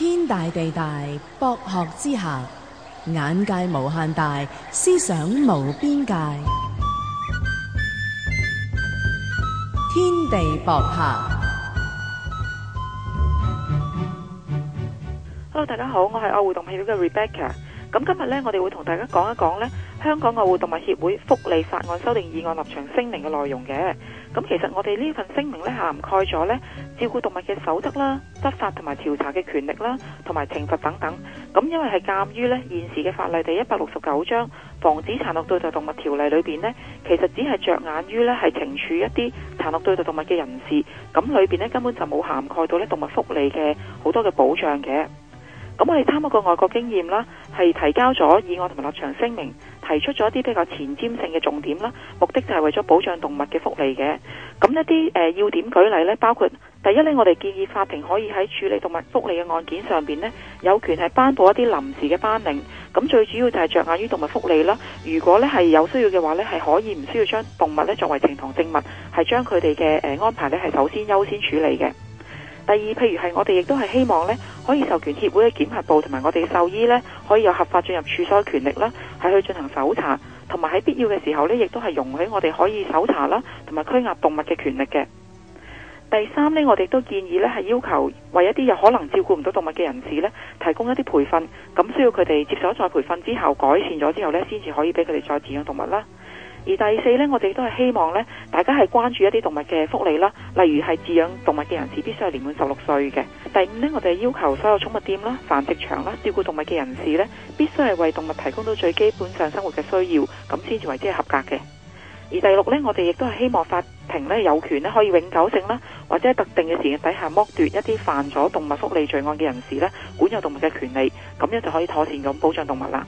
天大地大，博學之下，眼界無限大，思想無邊界。天地博客，Hello，大家好，我係愛護動物協會嘅 Rebecca，咁今日呢，我哋會同大家講一講呢。香港愛護動物協會福利法案修訂議案立場聲明嘅內容嘅，咁其實我哋呢份聲明呢，涵蓋咗呢照顧動物嘅守則啦、執法同埋調查嘅權力啦、同埋懲罰等等。咁因為係鑒於呢現時嘅法例第一百六十九章《防止殘酷對待動物條例》裏邊呢，其實只係着眼於呢係懲處一啲殘酷對待動物嘅人士，咁裏邊呢，根本就冇涵蓋到呢動物福利嘅好多嘅保障嘅。咁我哋參一個外國經驗啦，係提交咗議案同埋立場聲明，提出咗一啲比較前瞻性嘅重點啦。目的就係為咗保障動物嘅福利嘅。咁一啲誒、呃、要點舉例呢？包括第一呢，我哋建議法庭可以喺處理動物福利嘅案件上邊呢，有權係頒布一啲臨時嘅頒令。咁最主要就係着眼於動物福利啦。如果呢係有需要嘅話呢，係可以唔需要將動物呢作為呈堂證物，係將佢哋嘅誒安排呢係首先優先處理嘅。第二，譬如係我哋亦都係希望呢，可以授權協會嘅檢核部同埋我哋獸醫呢，可以有合法進入處所嘅權力啦，係去進行搜查，同埋喺必要嘅時候呢，亦都係容許我哋可以搜查啦，同埋拘押動物嘅權力嘅。第三呢，我哋都建議呢，係要求為一啲有可能照顧唔到動物嘅人士呢，提供一啲培訓，咁需要佢哋接受再培訓之後改善咗之後呢，先至可以俾佢哋再飼養動物啦。而第四呢，我哋都係希望呢，大家係關注一啲動物嘅福利啦，例如係飼養動物嘅人士必須係年滿十六歲嘅。第五呢，我哋要求所有寵物店啦、繁殖場啦、照顧動物嘅人士呢，必須係為動物提供到最基本上生活嘅需要，咁先至為之係合格嘅。而第六呢，我哋亦都係希望法庭呢，有權呢，可以永久性啦，或者喺特定嘅時間底下剝奪一啲犯咗動物福利罪案嘅人士呢，管有動物嘅權利，咁樣就可以妥善咁保障動物啦。